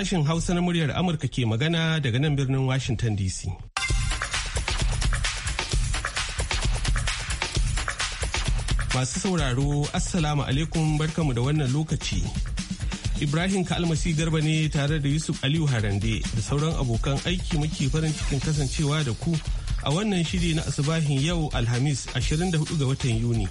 Sashen Hausa na muryar Amurka ke magana daga nan birnin Washington DC. Masu sauraro, Assalamu alaikum barkamu da wannan lokaci. Ibrahim Kalmasi Garba ne tare da Yusuf Aliyu Harande da sauran abokan aiki muke farin cikin kasancewa da ku a wannan shiri na asibahin yau Alhamis 24 ga watan Yuni.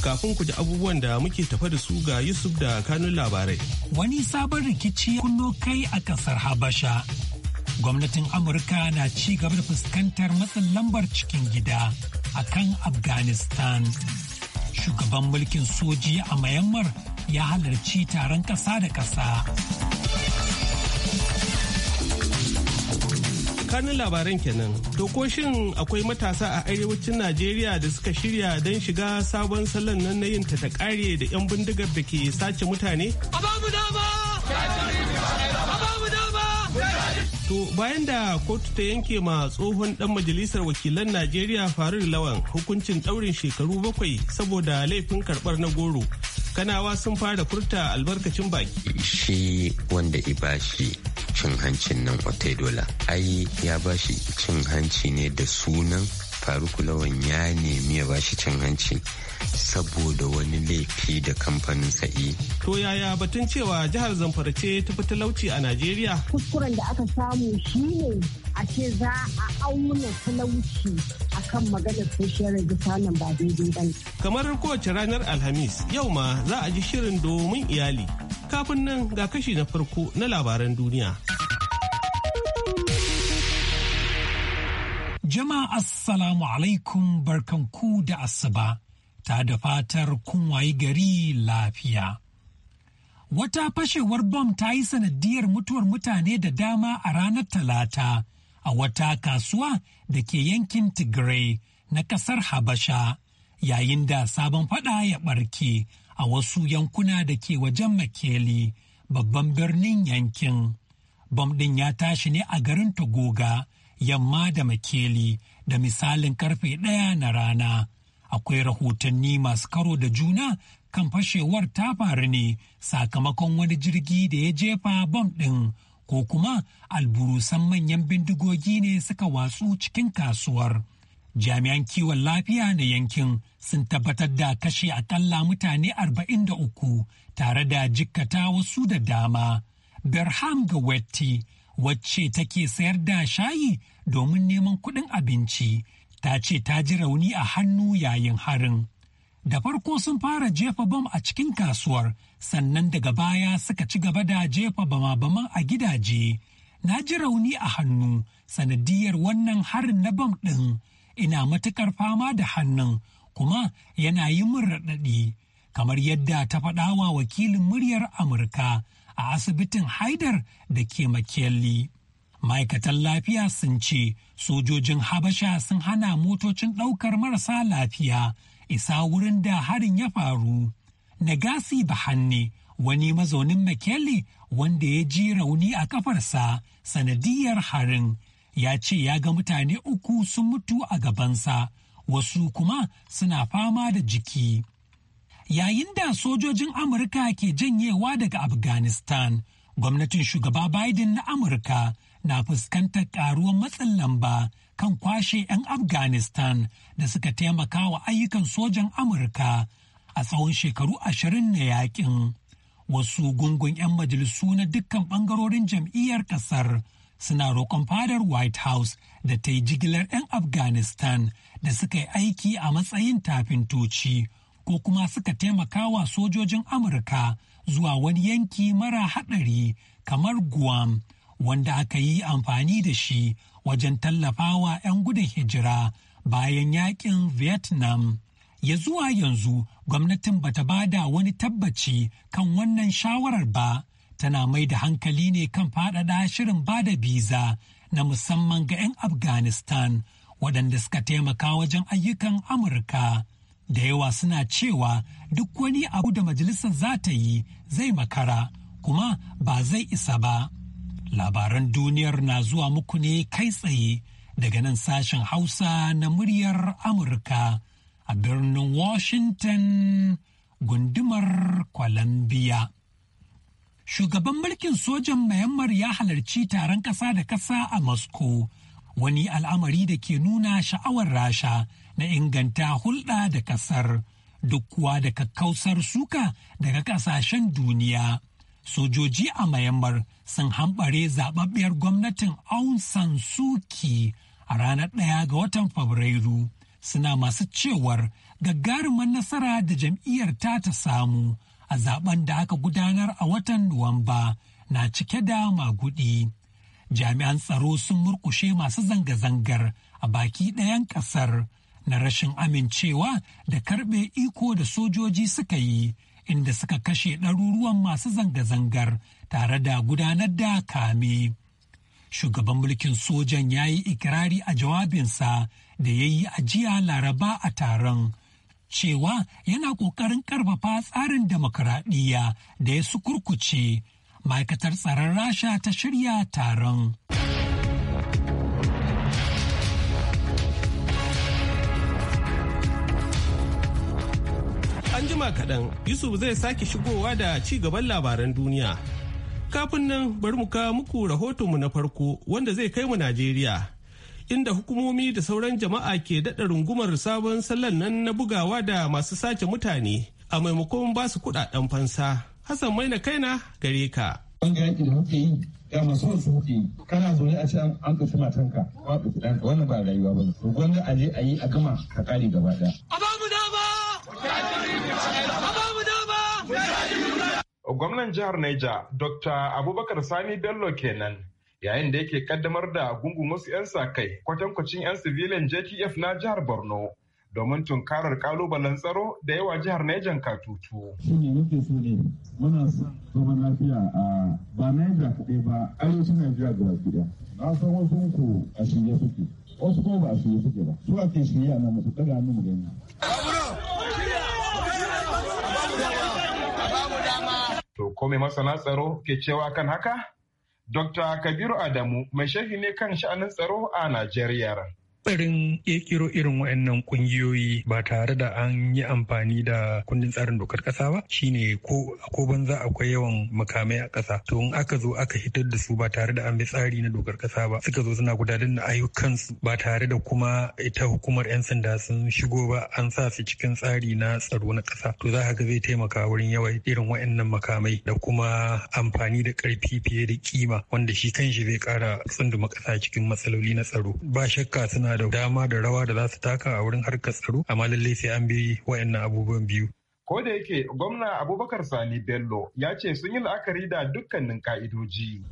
kafin ku ji abubuwan da muke tafa da su ga Yusuf da kanun labarai. Wani sabon rikici kullo kai a kasar Habasha. Gwamnatin Amurka na ci gaba da fuskantar matsin lambar cikin gida a kan Afghanistan. Shugaban mulkin soji a Myanmar ya halarci taron ƙasa da ƙasa. kanin labaran kenan. To ko shin akwai matasa a arewacin Najeriya da suka shirya don shiga sabon salon nan na yin ta kare da 'yan bindigar da ke sace mutane? To bayan da kotu ta yanke ma tsohon dan majalisar wakilan Najeriya Faruk Lawan hukuncin daurin shekaru bakwai saboda laifin karbar na goro. kanawa sun fara furta albarkacin baki shi wanda i bashi cin hancin nan otedola ai ya bashi cin hanci ne da sunan faruku lawan ya nemi ya bashi cin hanci saboda wani laifi da kamfanin sa'i. To yaya batun cewa jihar Zamfara ce ta fi talauci a Najeriya? Kuskuren da aka samu shine a ce za a auna talauci akan maganar social register nan ba daidai ba. Kamar kowace ranar Alhamis yau ma za a ji shirin domin iyali. Kafin nan ga kashi na farko na labaran duniya. Jama'a Assalamu alaikum barkanku da asuba ta da fatar kun wayi gari lafiya. Wata fashewar bom ta yi sanadiyar mutuwar mutane da dama a ranar Talata a wata kasuwa da ke yankin Tigray na kasar Habasha yayin da sabon fada ya barke a wasu yankuna da ke wajen Makeli babban birnin yankin. Bom ɗin ya tashi ne a garin Togoga. yamma da makeli da misalin karfe ɗaya na rana. Akwai rahotanni masu karo da juna kan fashewar ta faru ne sakamakon wani jirgi da ya jefa bom ɗin ko kuma alburusan manyan bindigogi ne suka watsu cikin kasuwar. Jami'an kiwon lafiya na yankin sun tabbatar da kashe akalla mutane arba'in da uku tare da jikkata wasu da dama. Berham ga wacce take sayar da shayi domin neman kuɗin abinci ta ce ta ji rauni a hannu yayin harin. Da farko sun fara jefa bam a cikin kasuwar sannan daga baya suka ci gaba da jefa bama bama a gidaje. Na ji rauni a hannu sanadiyar wannan harin na bam ɗin ina matuƙar fama da hannun kuma yana yi min raɗaɗi. Kamar yadda ta faɗawa wakilin muryar Amurka a asibitin Haidar da ke Makelli. ma'aikatan lafiya sun ce sojojin habasha sun hana motocin ɗaukar marasa lafiya isa wurin da harin ya faru nagasi bahanni wani mazaunin makeli wanda ya ji rauni a kafarsa sanadiyar harin ya ce ya ga mutane uku sun mutu a gabansa wasu kuma suna fama da jiki yayin da sojojin amurka ke janyewa daga afghanistan gwamnatin shugaba biden na amurka na fuskantar ƙaruwar matsin lamba kan kwashe 'yan Afghanistan da suka taimaka wa ayyukan sojan Amurka a tsawon shekaru ashirin na yakin. Wasu gungun 'yan majalisu na dukkan ɓangarorin jam'iyyar ƙasar suna roƙon fadar White House da ta yi jigilar 'yan Afghanistan da suka yi aiki a matsayin tafintoci ko kuma suka taimaka wa sojojin Amurka zuwa wani yanki mara haɗari kamar Guam wanda aka yi amfani da shi wajen tallafawa 'yan gudun hijira bayan yakin Vietnam. Ya zuwa yanzu gwamnatin bata bada wani tabbaci kan wannan shawarar ba, tana mai da hankali ne kan faɗaɗa shirin bada biza na musamman ga 'yan Afghanistan waɗanda suka taimaka wajen ayyukan Amurka. Da yawa suna cewa duk wani abu da majalisar za ta yi zai makara, kuma ba zai isa ba. Labaran duniyar na zuwa muku ne kai tsaye daga nan sashen Hausa na muryar Amurka a birnin Washington gundumar Columbia. Shugaban mulkin sojan mayammar ya halarci taron ƙasa da ƙasa a Moscow, wani al'amari da ke nuna sha'awar rasha na inganta hulɗa da ƙasar, duk kuwa da kakkausar suka daga ƙasashen duniya. sojoji a mayammar sun hambare zababbiyar gwamnatin aung san suu kyi a ranar ɗaya ga watan fabrairu suna masu cewar gagarumar nasara da jam'iyyar ta ta samu a zaben da aka gudanar a watan nuwamba na cike da magudi jami'an tsaro sun murkushe masu zanga-zangar a baki ɗayan ƙasar na rashin amincewa da karɓe iko da sojoji suka yi inda suka kashe ɗaruruwan masu zanga-zangar tare da gudanar da kame. Shugaban mulkin sojan ya yi ikirari a jawabinsa da ya yi ajiya laraba a taron. cewa yana ƙoƙarin ƙarfafa tsarin demokuraɗiyya da ya su kurkuce, ma'aikatar tsaron rasha ta shirya taron. jima kaɗan Yusuf zai sake shigowa da ci gaban labaran duniya. Kafin nan bari mu kawo muku rahotonmu na farko wanda zai kai mu Najeriya. Inda hukumomi da sauran jama'a ke daɗa rungumar sabon sallan nan na bugawa da masu sace mutane a maimakon ba su kuɗaɗen fansa. Hassan Maina kaina gare ka. Bangaren da ya masu su kuɗi kana zaune a can an ɗauki matanka ba ɗauki ɗanka wannan ba rayuwa ba ne gwanda a je a yi a gama ka ƙare gaba ɗaya. gwamnan jihar Niger Dr. Abubakar Sani Bello kenan yayin da yake kaddamar da gungun wasu 'yan sa-kai kwatankwacin 'yan sivilin JTF na jihar Borno domin tunkarar kalubalen tsaro da yawa jihar Niger katutu. Shi ne muke so ne muna son zaman lafiya a ba Niger kaɗai ba arewacin Najeriya gaba gida. Na san wasu ku a shirye suke wasu kuma ba a shirye suke ba su ake shirya na mutu ɗaga hannu mu gani. ko mai masana tsaro ke cewa kan haka? Dr. Kabiru Adamu mai shafi ne kan sha'anin tsaro a Najeriya. tsarin ƙirƙiro irin waɗannan ƙungiyoyi ba tare da an yi amfani da kundin tsarin dokar ƙasa ba shine ko ko banza akwai yawan makamai a ƙasa to in aka zo aka hitar da su ba tare da an bi tsari na dokar ƙasa ba suka zo suna gudanar da ayyukansu ba tare da kuma ita hukumar 'yan sanda sun shigo ba an sa su cikin tsari na tsaro na ƙasa to za ka ga zai taimaka wurin yawa irin waɗannan makamai da kuma amfani da ƙarfi fiye da kima wanda shi kanshi zai ƙara tsunduma ƙasa cikin matsaloli na tsaro ba shakka suna suna da dama da rawa da za su taka a wurin harkar tsaro amma lallai sai an bi wayannan abubuwan biyu ko da yake gwamna abubakar sani bello ya ce sun yi la'akari da dukkanin ka'idoji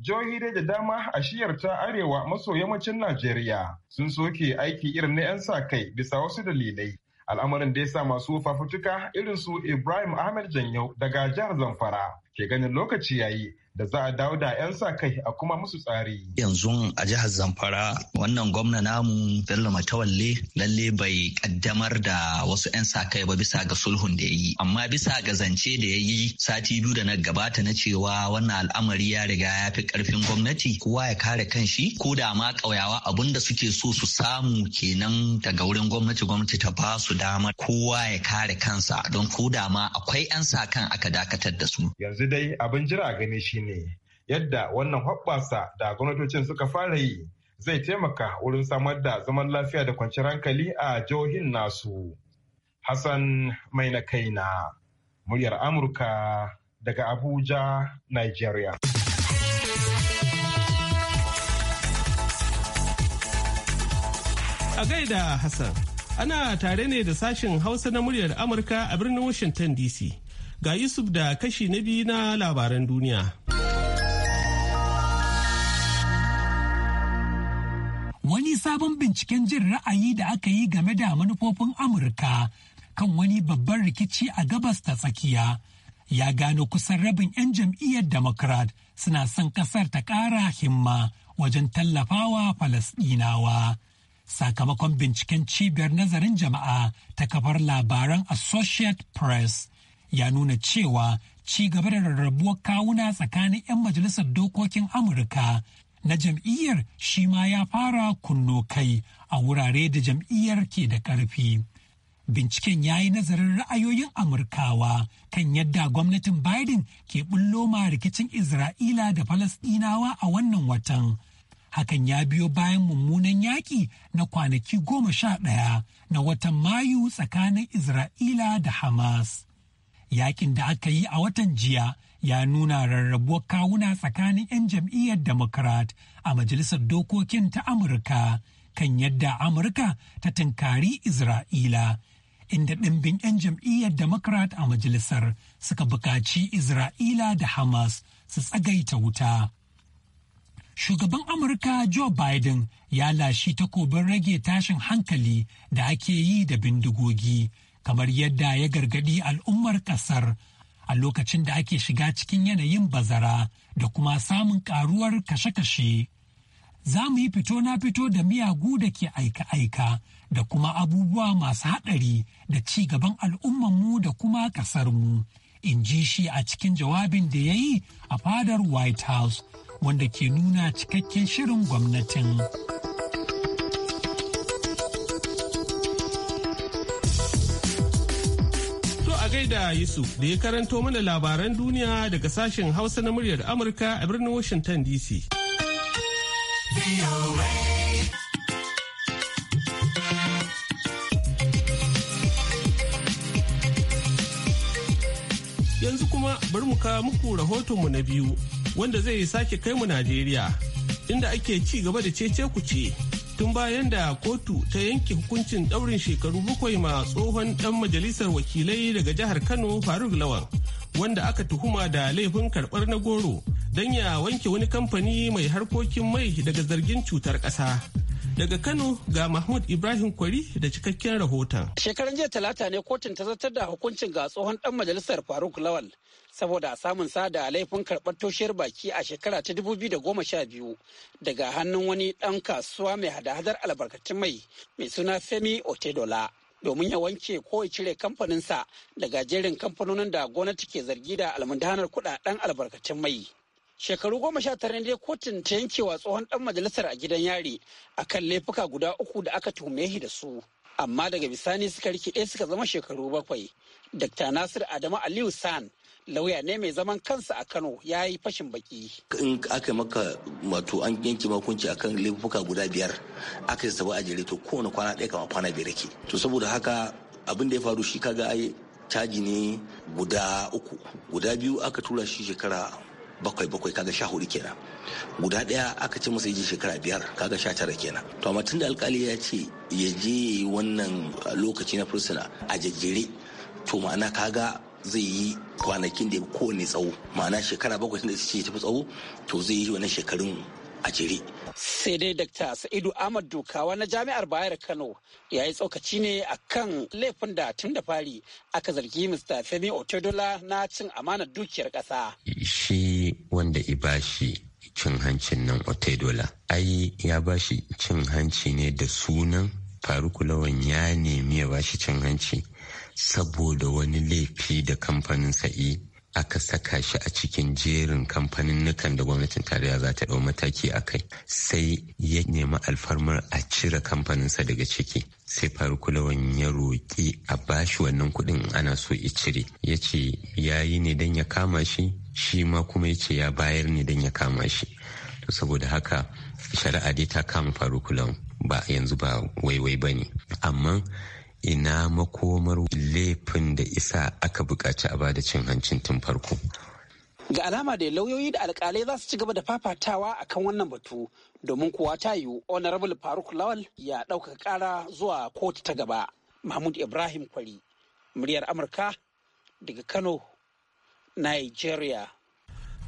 jihohi da dama a shiyar ta arewa maso yammacin najeriya sun soke aiki irin na 'yan sa kai bisa wasu dalilai al'amarin da ya sa masu fafutuka irin su ibrahim ahmed janyau daga jihar zamfara ke ganin lokaci yayi da za a dawo da 'yan sa kai a kuma musu tsari. Yanzu a jihar Zamfara wannan gwamna namu Bello Matawalle lalle bai kaddamar da wasu 'yan sa kai ba bisa ga sulhun da ya yi. Amma bisa ga zance da ya yi sati biyu da na gabata na cewa wannan al'amari ya riga ya fi karfin gwamnati kowa ya kare kanshi ko da ma ƙauyawa abun da suke so su samu kenan daga wurin gwamnati gwamnati ta ba su damar kowa ya kare kansa don ko da ma akwai 'yan sa kan aka dakatar da su. Yanzu dai abin jira gani shi ne yadda wannan hoɓɓasa da gwamnatocin suka fara yi zai taimaka wurin samar da zaman lafiya da kwanciyar hankali a jihohin nasu. Hassan mai na kai na muryar Amurka daga Abuja, Nigeria. A gaida Hassan, ana tare ne da sashen Hausa na muryar Amurka a birnin Washington DC. Ga Yusuf da kashi na biyu na labaran duniya. sabon binciken jin ra'ayi da aka yi game da manufofin Amurka kan wani babban rikici a gabas ta tsakiya. Ya gano kusan rabin 'yan jam'iyyar Democrat suna son kasar ta ƙara himma wajen tallafawa Falasɗinawa. Sakamakon binciken cibiyar nazarin jama'a ta kafar labaran Associate Press ya nuna cewa ci gaba da rarrabuwar kawuna tsakanin 'yan majalisar dokokin Amurka na jam'iyyar shi ma ya fara kunno kai a wurare da jam'iyyar ke da ƙarfi. Binciken ya yi nazarin ra'ayoyin Amurkawa kan yadda gwamnatin Biden ke bullo ma rikicin Isra'ila da Falasɗinawa a wannan watan. Hakan ya biyo bayan mummunan yaƙi na kwanaki goma sha ɗaya na watan Mayu tsakanin Isra'ila da Hamas. yakin da aka yi a watan jiya ya nuna rarrabuwar kawuna tsakanin 'yan jam'iyyar democrat a majalisar dokokin ta amurka kan yadda amurka ta tunkari isra'ila inda ɗimbin 'yan jam'iyyar democrat a majalisar suka buƙaci isra'ila da hamas su tsagaita wuta shugaban amurka joe biden ya lashi takobin rage tashin hankali da ake yi da bindigogi kamar yadda ya gargadi al'ummar kasar a lokacin da ake shiga cikin yanayin bazara da kuma samun karuwar kashe-kashe. Za mu yi fito na fito da miyagu da ke aika-aika da kuma abubuwa masu haɗari da ci gaban al'ummanmu da kuma ƙasarmu, in ji shi a cikin jawabin da ya yi a fadar White House wanda ke nuna cikakken shirin gwamnatin. da Yusuf da ya karanto mana labaran duniya daga sashen Hausa na muryar Amurka a birnin Washington DC. Yanzu kuma bari mu kawo muku rahotonmu na biyu wanda zai sake kai mu Najeriya inda ake ci gaba da cece ku ce. tun bayan da kotu ta yanke hukuncin ɗaurin shekaru bakwai ma tsohon ɗan majalisar wakilai daga jihar kano faruk lawan wanda aka tuhuma da laifin karɓar na goro don ya wanke wani kamfani mai harkokin mai daga zargin cutar ƙasa. Daga Kano ga Mahmud Ibrahim Kwari da cikakken rahoton. Shekaran jiya talata ne kotun ta zartar da hukuncin ga tsohon dan majalisar Faruk Lawal saboda samun sada laifin karɓar toshiyar baki a shekara ta da goma sha biyu daga hannun wani ɗan kasuwa mai hada-hadar albarkatun mai mai suna Femi Otedola. domin ya wanke ko ya cire kamfaninsa daga jerin kamfanonin da gwamnati ke zargi da almundanar kudaden albarkatun mai. shekaru goma sha tara ne kotun ta yankewa tsohon dan majalisar a gidan yari akan laifuka guda uku da aka tuhume shi da su amma daga bisani suka ɗaya suka zama shekaru bakwai dr nasir adamu aliyu san lauya ne mai zaman kansa a kano ya yi fashin baki in aka maka wato an yanke makunci akan laifuka guda biyar aka yi a jere to kowane kwana ɗaya kama kwana biyar ke to saboda haka abin da ya faru shi kaga ai caji ne guda uku guda biyu aka tura shi shekara bakwai bakwai kaga sha hudu kenan guda daya aka ce masa yaje shekara biyar kaga sha tara kenan to amma tunda alkali ya ce ya je wannan lokaci na fursuna a jajjere to ma'ana kaga zai yi kwanakin da kowane tsawo ma'ana shekara bakwai tunda ce tafi tsawo to zai yi wannan shekarun a jere. Sai dai Dr. Sa'idu Ahmad Dukawa na Jami'ar Bayar Kano ya yi tsokaci ne a kan laifin da tun da fari aka zargi Mr. Femi Otodola na cin amanar dukiyar ƙasa. Shi wanda i bashi cin hancin nan otedola ai ya bashi cin hanci ne da sunan faruku lawan ya nemi ya bashi cin hanci saboda wani laifi da kamfanin sa'i aka saka shi a cikin jerin kamfanin nukan da gwamnatin tarayya za ta ɗau mataki a kai sai ya nemi alfarmar a cire kamfaninsa daga ciki sai faruk lawan ya roƙi a bashi wannan kuɗin ana so ya cire ya ce ya yi ne don ya kama shi shi ma kuma ya ya bayar ne don ya kama shi to saboda haka shari'a dai ta kama kulan ba yanzu ba waiwai ba ne amma ina makomar laifin da isa aka buƙaci a bada cin hancin tun farko ga alama da lauyoyi da alkalai za su ci gaba da fafatawa akan wannan batu domin kuwa ta yiwu honorable faruk lawal ya ɗaukaka ƙara zuwa kotu ta gaba mahmud ibrahim kwari muryar amurka daga kano Nigeria.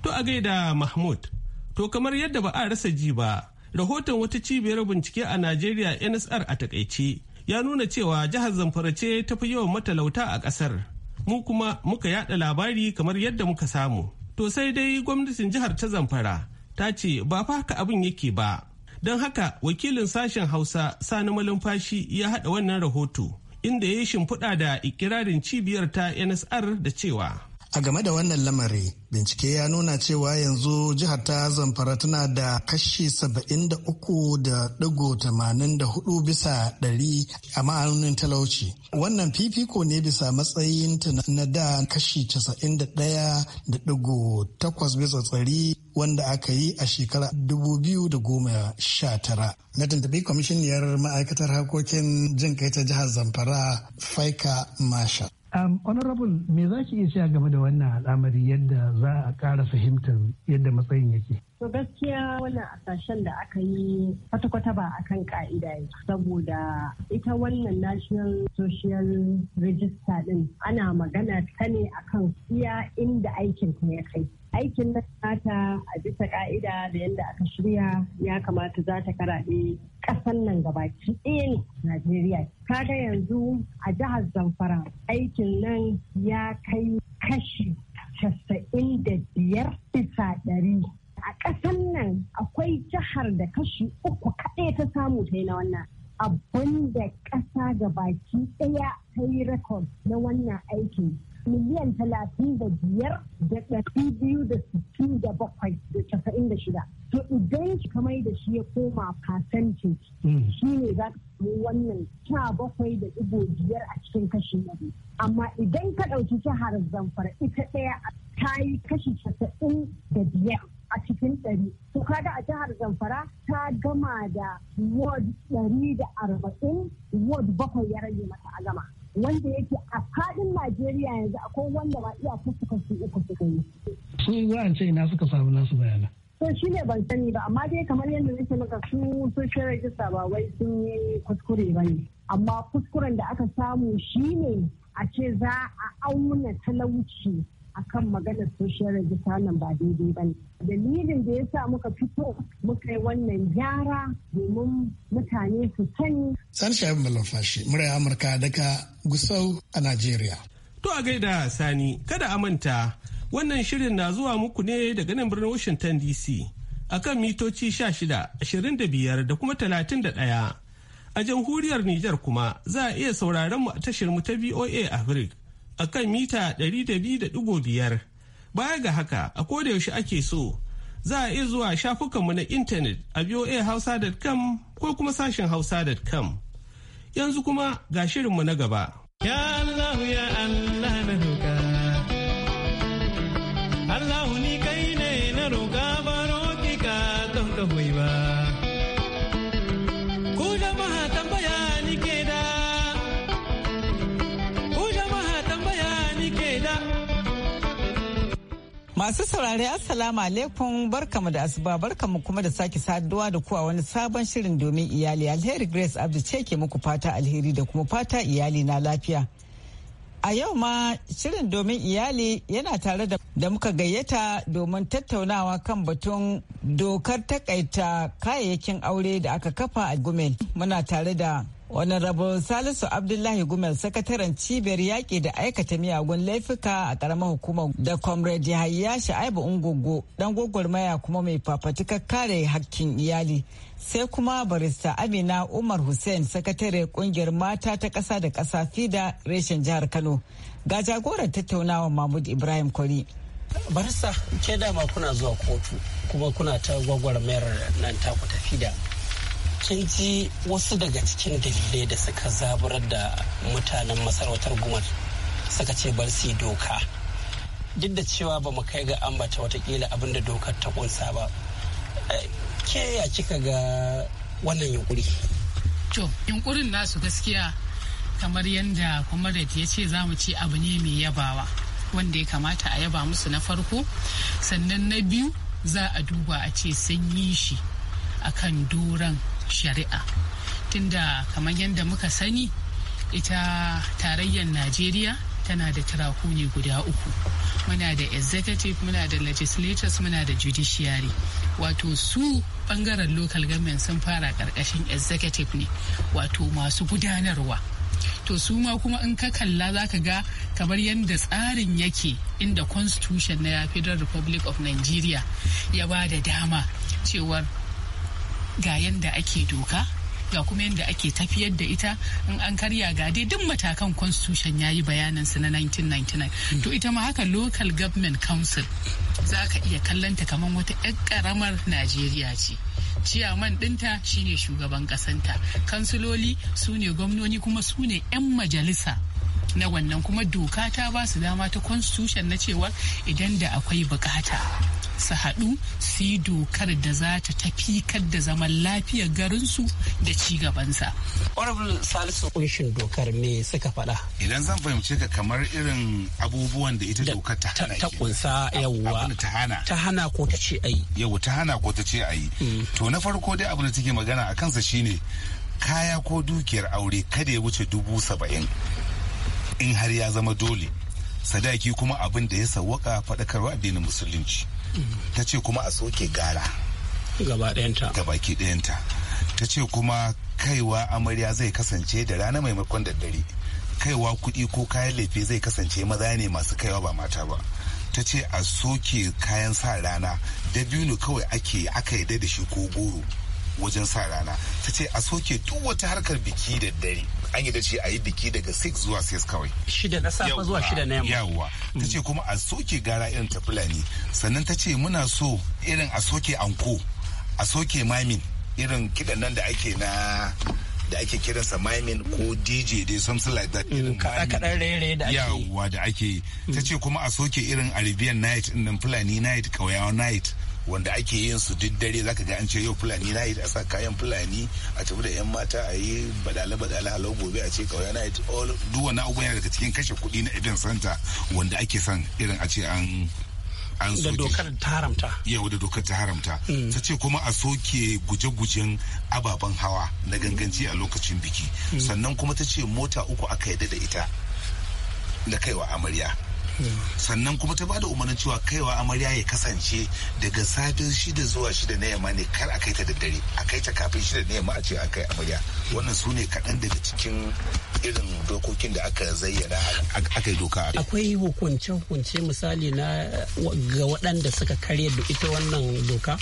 To a gaida Mahmud, to kamar yadda ba a rasa ji ba, rahoton wata cibiyar bincike a Najeriya NSR a takaice ya nuna cewa jihar Zamfara ce ta fi yawan matalauta a ƙasar. Mu kuma muka yada labari kamar yadda muka samu. To sai dai gwamnatin jihar ta Zamfara ta ce ba fa haka abin yake ba. Don haka wakilin sashen Hausa Sani Malumfashi ya haɗa wannan rahoto inda ya yi shimfiɗa da ikirarin cibiyar ta NSR da cewa. A game da wannan lamari, bincike ya nuna cewa yanzu jihar ta zamfara tana da kashi 73.84 bisa ɗari a ma'aunin talauci. Wannan fifiko ne bisa matsayin ta na da kashi 91.8 bisa tsari wanda aka yi a shekara 2019. Na tuntubi kwamishiniyar ma'aikatar harkokin jin kai ta jihar Zamfara, Faika Marshal. Um, honorable me za ki iya cewa game da wannan al'amari yadda za a ƙara fahimtar yadda matsayin yake? To gaskiya wannan asashen da aka yi kwata-kwata ba a kan ka'ida saboda ita wannan National Social Register din ana magana ta ne akan siya inda aikinta ya kai. aikin ta nata a bisa ka'ida da yadda aka shirya ya kamata za ta karaɗe ƙasan nan gabaki ɗaya ne Najeriya. Kaga yanzu a jihar Zamfara aikin nan ya kai kashi casa'in da biyar bisa ɗari. A ƙasan nan akwai jihar da kashi uku kaɗai ta samu ta yi na wannan. Abin da ƙasa gabaki ɗaya ta yi rekod na wannan aikin miliyan talatin da biyar da ɗari biyu da sittin da bakwai da casa'in da shida. To idan ka mai da shi ya koma fasanci hmm. shi ne za ka samu wannan sha bakwai da ɗigo biyar a cikin kashi ɗari. Amma idan ka ɗauki jihar Zamfara ita ɗaya ta yi kashi casa'in da biyar. a cikin ɗari. To kaga a jihar Zamfara ta gama da ward ɗari da arba'in ward bakwai ya rage mata a gama. wanda yake a fadin Najeriya yanzu akwai wanda ba iya fuskar kashi uku suka yi. Su za a ce ina suka samu nasu bayanan. To shi ne ban sani ba amma dai kamar yadda nake maka su social register ba wai sun yi kuskure ba ne. Amma kuskuren da aka samu shi ne a ce za a auna talauci akan maganar social register nan ba daidai ba ne. Dalilin da ya sa muka fito muka yi wannan gyara domin mutane su sani. Sani Shahin Malafashi, murai Amurka daga Gusau a Najeriya. To a gaida Sani, kada a manta wannan shirin na zuwa muku ne daga nan birnin Washington DC. akan mitoci sha 16, 25 da kuma talatin da ɗaya A jamhuriyar Nijar kuma za a iya sauraron mu a tashar mu ta VOA Africa a kan mita 200.5 baya ga haka a yaushe ake so za a iya zuwa shafukanmu na intanet a voahausa.com ko kuma sashen hausa.com yanzu kuma ga shirinmu na gaba ya Allah ya Allah Masu saurari Assalamu alaikum barkamu da asuba barkamu kuma da sake saduwa da kuwa wani sabon shirin domin iyali alheri Grace Abdu ce ke muku fata alheri da kuma fata iyali na lafiya. A yau ma shirin domin iyali yana tare da muka gayyata domin tattaunawa kan batun dokar takaita kayayyakin aure da aka kafa a Gumel. Muna tare da Wannan rabon Salisu Abdullahi Gumel sakataren cibiyar yaƙi da aikata miyagun laifuka a ƙaramar hukumar da Comrade Yahaya Sha'ibu Ungogo dan gwagwarmaya kuma mai fafatukar kare hakkin iyali. Sai kuma barista Amina Umar Hussein sakatare ƙungiyar mata ta ƙasa da ƙasa FIDA reshen jihar Kano. Ga jagorar tattaunawa Mahmud Ibrahim Kwari. Barista, ke dama kuna zuwa kotu kuma kuna ta gwagwarmayar nan taku ta FIDA. kin ji wasu daga cikin dalilai da suka zaburar da mutanen masarautar gumar suka ce bar su doka duk da cewa ba mu kai ga ambata watakila abin da dokar ta kunsa ba eh, ke ya kika ga wannan yunkuri to yunkurin nasu gaskiya kamar yadda comrade ya ce za mu ce abu ne mai yabawa wanda ya kamata a yaba musu na farko sannan na biyu za a duba a ce sun yi shi akan doron shari'a tunda kamar yadda muka sani ita tarayyar najeriya tana da ne guda uku muna da executive muna da legislators muna da judiciary wato su bangaren local government sun fara karkashin executive ne wato masu gudanarwa to su ma kuma in ka kalla za ka ga kamar yadda tsarin yake inda constitution na federal republic of nigeria ya ba da dama cewar ga yadda ake doka ga kuma yadda ake tafiyar da ita in an karya ga dai duk matakan constitution ya yi bayaninsu na 1999 hmm. to ita ma haka local government council za ka iya kallanta kamar wata 'yan karamar najeriya ce ciyaman dinta shine shugaban kasanta kansiloli su ne gwamnoni kuma su ne 'yan majalisa na wannan kuma doka ta ba su dama ta constitution na cewa idan da akwai bukata su haɗu su yi dokar da za ta tafi da zaman lafiyar garinsu da ci gabansa. Honorable Salisu kunshin dokar me suka faɗa? Idan zan fahimce ka kamar irin abubuwan da ita dokar ta hana ta kunsa yawwa ta hana ta hana ko ta ce ayi yawwa ta hana ko ta ce ayi mm. to na farko dai abu da take magana a kansa shine kaya ko dukiyar aure kada ya wuce dubu saba'in in har ya zama dole sadaki kuma abin da ya sawwaka faɗakarwa addinin musulunci ta ce kuma a soke gara gaba ɗayanta ɗayanta ta ce kuma kaiwa amarya zai kasance da rana maimakon daddare. kaiwa kuɗi ko kayan lefe zai kasance maza ne masu kaiwa ba mata ba ta ce a soke kayan sa rana da biyu kawai ake aka yarda da shi ko goro wajen sa rana ta ce a soke duk wata harkar biki daddare. an yi da ce a yi biki daga 6 zuwa 6 kawai shida na safa zuwa shida na yamma yawwa ta ce kuma a soke gara irin ta fulani sannan ta ce muna so irin a soke anko a soke mamin irin kidan nan da ake na da ake kiransa mimin ko dj dai something like that irin kaɗan raye da ake yawwa da ake ta ce mm. kuma a soke irin arabian night din fulani night kauyawa night wanda ake yin su duk dare zaka ga an ce yau fulani na a sa kayan fulani a tafi da yan mata a yi badala badala halau gobe a ce kawai na duk wani abubuwa yana daga cikin kashe kuɗi na idan santa wanda ake son irin a ce an an da dokar ta haramta yau da dokar ta haramta mm. ta ce kuma a soke guje-gujen ababen hawa na ganganci a lokacin biki mm. sannan kuma ta ce mota uku aka yadda da ita da kaiwa amarya sannan kuma ta bada umarnin cewa kaiwa amarya ya kasance daga safin shida zuwa shida na yamma ne kar a kai ta daddare a kai ta kafin shida na yamma a ce a kai amarya wannan su ne kaɗan daga cikin irin dokokin da aka zayyana aka yi doka akwai hukunce-hukunce misali na ga waɗanda suka karya ita wannan doka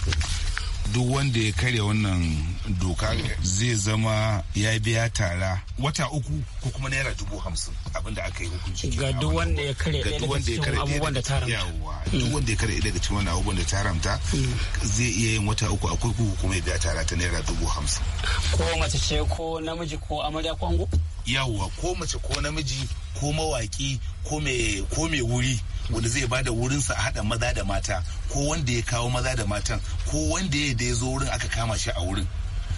duk wanda ya karya wannan doka zai zama ya biya tara wata uku ko kuma naira dubu hamsin abinda aka yi hukunci ga duk wanda ya karya ɗaya daga cikin abubuwan da ta haramta mm. duk wanda ya karya ɗaya daga cikin wannan abubuwan da ta haramta mm. zai iya yin wata uku akwai kuma ya biya tara ta naira dubu hamsin ko mace ce ko namiji ko amarya ko ango Yawuwa ko mace ko namiji ko mawaki ko mai wuri wanda zai bada wurinsa a haɗa maza da mata ko wanda ya kawo maza da matan ko wanda ya da ya zo wurin aka kama shi a wurin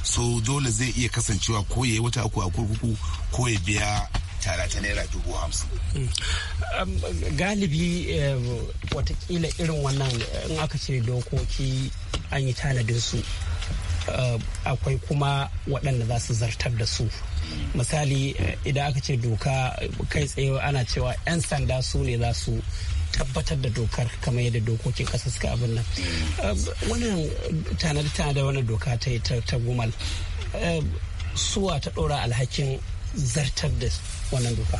so dole zai iya kasancewa ko ya yi wata uku a kurkuku ko ya biya tara ta naira dubu hamsin. Um, galibi eh, watakila irin wannan eh, in aka ce dokoki an yi tanadin su eh, akwai kuma waɗanda za su zartar da su misali idan aka ce doka kai tsaye ana cewa 'yan sanda su ne za su tabbatar da dokar kamar yadda dokokin kasa suka abin nan eh, wannan tanadi da wannan doka ta yi ta gumal eh, suwa ta ɗora alhakin zartar da wannan doka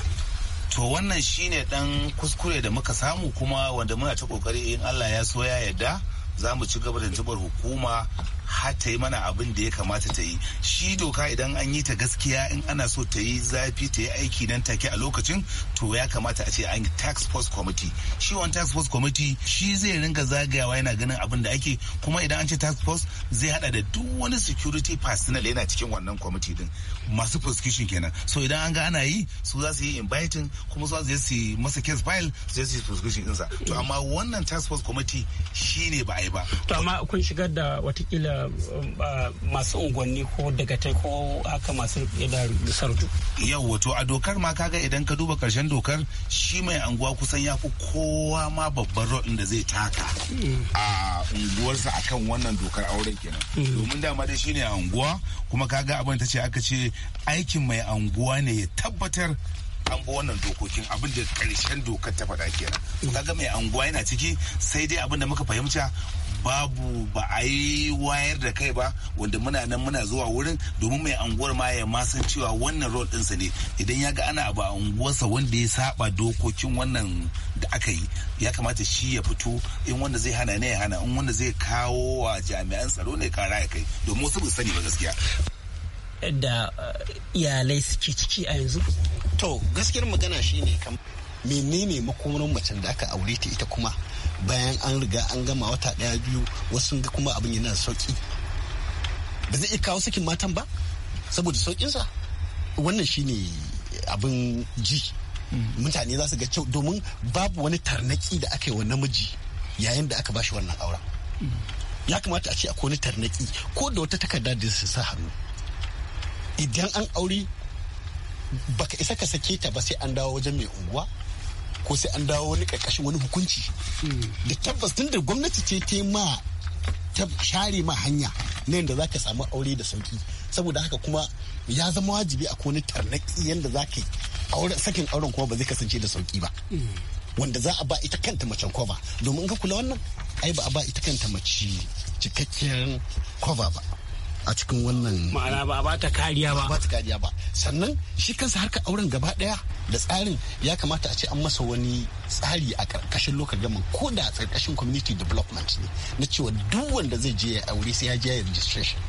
to wannan shine dan kuskure da muka samu kuma wanda muna ta kokari in Allah ya so ya yadda. za mu ci gaba da tubar hukuma har ta yi mana abin da ya kamata ta yi shi doka idan an yi ta gaskiya in ana so ta yi zafi ta yi aiki nan take a lokacin to ya kamata a ce an yi tax force committee shi wani tax force committee shi zai ringa zagayawa yana ganin abin da ake kuma idan an ce tax force zai hada da duk wani security personnel yana cikin wannan committee din masu prosecution kenan so idan an ga ana yi su za su yi inviting kuma za su yi masa case file su yi prosecution ɗinsa to amma wannan tax force committee ne ba a yi ba. To amma kun shigar da watakila masu unguwanni ko daga tai ko haka masu da sarju. Yau wato a dokar ma kaga idan ka duba karshen dokar shi mai anguwa kusan ya fi kowa ma babban ro'in da zai taka a unguwarsa akan wannan dokar auren kenan. Hmm. Domin dama dai shi shine unguwa kuma kaga abin ta ce aka ce aikin mai anguwa ne ya tabbatar an bi wannan dokokin abin da karshen dokar ta faɗa kenan kaga mai anguwa yana ciki sai dai abin da muka fahimta babu ba a yi wayar da kai ba wanda muna nan muna zuwa wurin domin mai anguwar ma ya ma san cewa wannan rol ɗinsa ne idan ya ga ana abu a unguwarsa wanda ya saba dokokin wannan da aka yi ya kamata shi ya fito in wanda zai hana ne ya hana in wanda zai kawo wa jami'an tsaro ne kara ya kai domin wasu ba sani ba gaskiya da uh, iyalai suke ciki a yanzu? To gaskiyar magana shine kam menene makomarin macen da aka aure ta ita kuma bayan an riga an gama wata daya biyu wasu ga kuma abin yana sauki ba zai iya kawo sakin matan ba saboda saukinsa wannan shi ne abin ji mm. mutane za su ga kyau domin babu wani tarnaki da aka yi wa namiji yayin da aka bashi wannan aura mm. ya kamata a ce akwai wani tarnaki ko da wata takarda da su sa hannu idan an aure baka isa ka sake ta ba sai an dawo wajen mai unguwa ko sai an dawo wani karkashin wani hukunci da tabbas tun da gwamnati ce ta ma ta share ma hanya na yadda za ka samu aure da sauki saboda haka kuma ya zama wajibi a kone tarnaki yadda za ka yi sakin auren kuma ba zai kasance da sauki ba wanda za a ba ita kanta macen kwaba domin ka kula wannan ai ba a ba ita kanta mace cikakken kwaba ba a cikin wannan ma'ana ba ba ta kariya ba ba ta kariya ba sannan shi kansa harkar auren gaba daya da tsarin ya kamata a ce an masa wani tsari a karkashin local government ko da karkashin community development ne na cewa duk wanda zai je ya aure sai ya je ya registration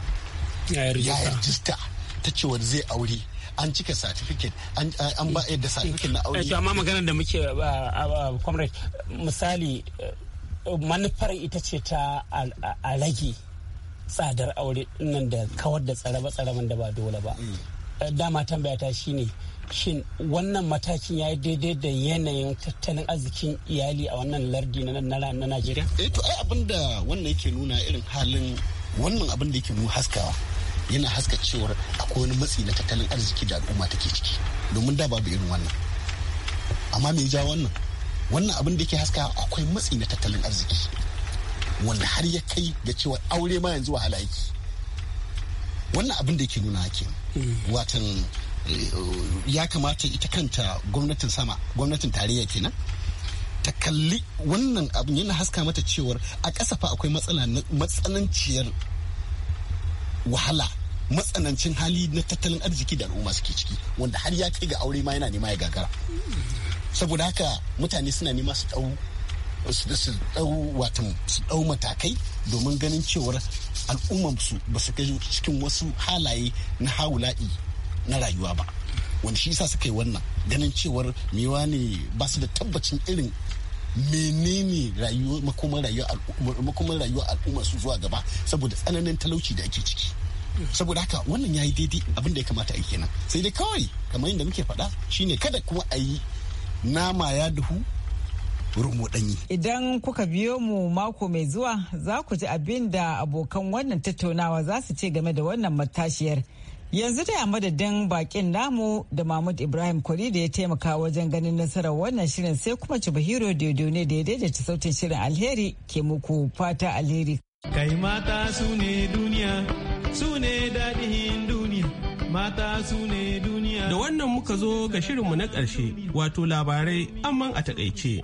ya rajista ta cewa zai aure an cika certificate an ba yadda certificate na aure. Eh, amma maganar da muke uh, uh, uh, comrade misali manufar ita ce ta a rage tsadar aure nan da kawar da tsaraba-tsaraban da ba dole ba mm. eh, dama tambaya ta shine shin wannan matakin ya yi daidai da yanayin tattalin arzikin iyali a wannan lardi na najeriya eh to ai abin da wannan yake nuna irin halin wannan abin da yake nuna haskawa yana haska cewar akwai wani matsi na tattalin arziki da al'umma take ciki domin da babu irin wannan amma me ja wannan wannan abin da yake haska akwai matsi na tattalin arziki wanda har ya kai ga cewa aure ma yanzu wahala yake wannan abin da yake nuna hakim eh. watan eh, ya kamata ita kanta gwamnatin sama gwamnatin tarayya kenan ta kalli wannan abin yana haska mata cewar a kasafa akwai matsananciyar wahala matsanancin hali na tattalin arziki da al'umma suke ciki wanda har ya kai ga aure ma yana nema ya gagara hmm. saboda haka mutane suna nema su ɗau su dau su matakai domin ganin cewar al'ummarsu ba su kai cikin wasu halaye na haula'i na rayuwa ba wani shi sa suka kai wannan ganin cewar mewa ne ba su da tabbacin irin menene makomar rayuwa al'ummar su zuwa gaba saboda tsananin talauci da ake ciki saboda haka wannan ya yi daidai abin da ya kamata a kenan sai dai kawai kamar yadda muke faɗa shine kada kuma a yi nama ya duhu mu Danyi. Idan kuka biyo mu mako mai zuwa za ku ji abin da abokan wannan tattaunawa za su ce game da wannan matashiyar. Yanzu da madadin bakin namu da Mahmud Ibrahim Kwari da ya taimaka wajen ganin nasarar wannan shirin sai kuma Cibahiro Dodo ne da ya daidaita sautin shirin alheri ke muku fata alheri. Kai mata su ne duniya, su ne daɗin duniya, mata su ne duniya. Da wannan muka zo ga shirinmu na ƙarshe, wato labarai amman a takaice.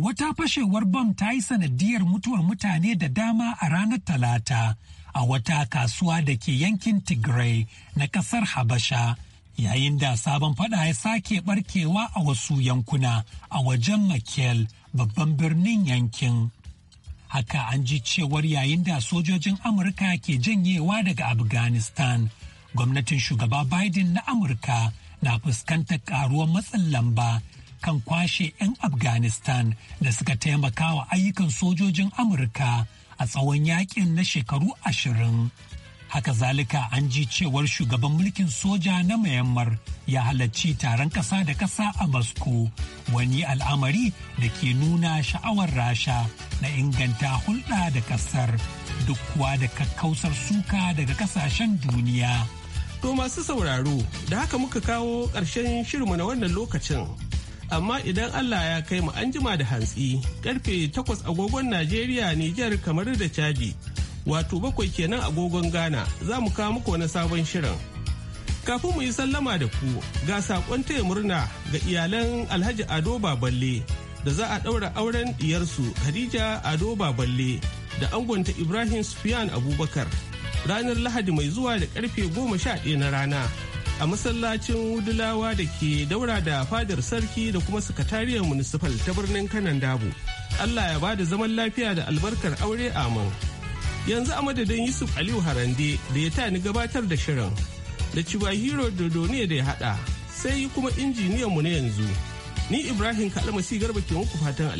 wata fashewar bam ta yi sanadiyar mutuwar mutane da dama a ranar talata a wata kasuwa da ke yankin tigray na kasar habasha yayin da sabon fada ya sake barkewa a wasu yankuna a wajen makel babban birnin yankin haka an ji cewar yayin da sojojin amurka ke janyewa daga afghanistan gwamnatin shugaba biden na amurka na fuskantar karuwar matsin lamba kan kwashe 'yan afghanistan da suka taimaka wa ayyukan sojojin amurka a tsawon yakin na shekaru ashirin haka zalika an ji cewar shugaban mulkin soja na Myanmar ya halarci taron ƙasa da ƙasa a moscow wani al'amari da ke nuna sha'awar rasha na inganta hulɗa da ƙasar duk kuwa da kakkausar suka daga ƙasashen duniya to masu sauraro da haka muka kawo ƙarshen shirinmu na wannan lokacin amma idan Allah ya kai mu an jima da hantsi karfe 8 agogon Najeriya Nijar kamar da Chadi wato bakwai kenan agogon Ghana za mu kawo muku wani sabon shirin. Kafin mu yi sallama da ku ga saƙon taya murna ga iyalan Alhaji Ado Baballe da za a ɗaura auren diyarsu Khadija Ado Baballe da angonta Ibrahim Sufyan Abubakar ranar Lahadi mai zuwa da karfe 11 na rana. a masallacin wudulawa da ke daura da fadar sarki da kuma sakatariyar munisifal ta birnin kanan dabu. allah ya bada zaman lafiya da albarkar aure amin yanzu a madadin yusuf aliyu harande da ya tani gabatar da shirin da cewa hero da da ya hada sai kuma injiniyan mu na yanzu ni ibrahim kalmasi garba ke muku fatan